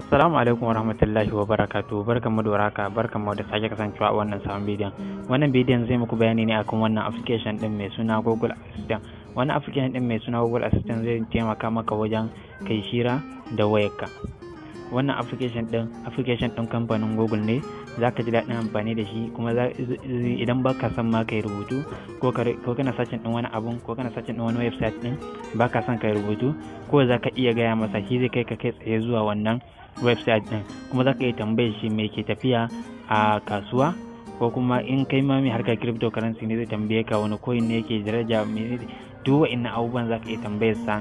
Assalamu alaikum warahmatullahi wabarakatuh barkanmu da warhaka barkanmu da sake kasancewa a wannan sabon bidiyon wannan bidiyon zai muku bayani ne akan wannan application din mai suna Google Assistant wannan application din mai suna Google Assistant zai taimaka maka wajen kai shira da wayarka wannan application din application din kamfanin google ne za ka ji daɗin amfani da shi kuma idan ba ka son ma ka yi rubutu ko kana sacin din wani abun ko kana sacin din wani website din ba ka son ka yi rubutu ko za ka iya gaya masa shi zai kai ka kai tsaye zuwa wannan website din kuma za ka iya tambayar shi me ke tafiya a kasuwa ko kuma in kai ma mai harkar cryptocurrency ne zai tambaye ka wani coin ne yake daraja duk wa'annan abubuwan za ka iya tambayar sa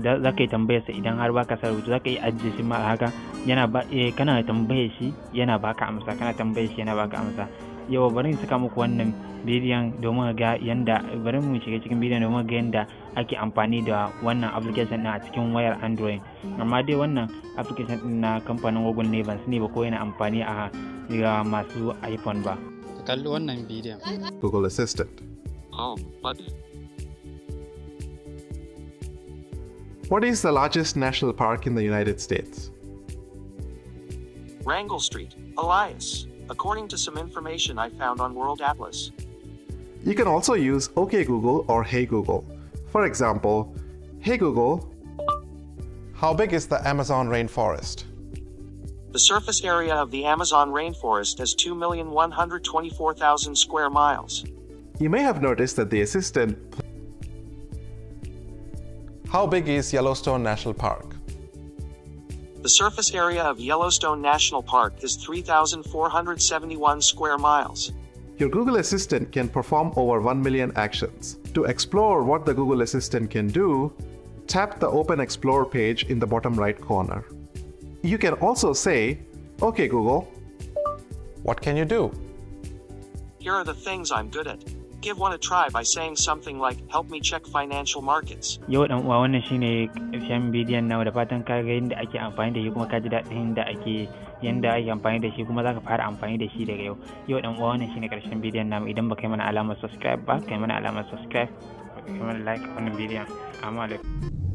za ka yi tambayar sa idan har baka sa rubutu za ka yi ajiye shi ma haka yana ba eh, kana tambayar shi yana baka amsa kana tambayar shi yana baka amsa yau bari in saka muku wannan bidiyon domin ga yanda bari mu shiga cikin bidiyon domin ga yanda ake amfani da wannan application din a cikin wayar android amma dai wannan application din na kamfanin google ne ban sani ba ko yana amfani a ga masu iphone ba kalli wannan bidiyon google assistant oh but What is the largest national park in the United States? Wrangell Street, Elias, according to some information I found on World Atlas. You can also use OK Google or Hey Google. For example, Hey Google, how big is the Amazon rainforest? The surface area of the Amazon rainforest is 2,124,000 square miles. You may have noticed that the assistant how big is Yellowstone National Park? The surface area of Yellowstone National Park is 3,471 square miles. Your Google Assistant can perform over 1 million actions. To explore what the Google Assistant can do, tap the Open Explore page in the bottom right corner. You can also say, OK Google, what can you do? Here are the things I'm good at. Give one a try by saying something like, help me check financial markets. Yau dan uwa wannan shine ƙarshen bidiyon nawa da fatan ka ga yadda ake amfani da shi kuma ka ji daɗin yadda ake yanda ake amfani da shi kuma zaka fara amfani da shi daga yau. Yau dan uwa wannan shine karshen bidiyon namu idan ba kai mana alamar subscribe ba kai mana alamar subscribe kai mana like wannan bidiyon. amma alaikum.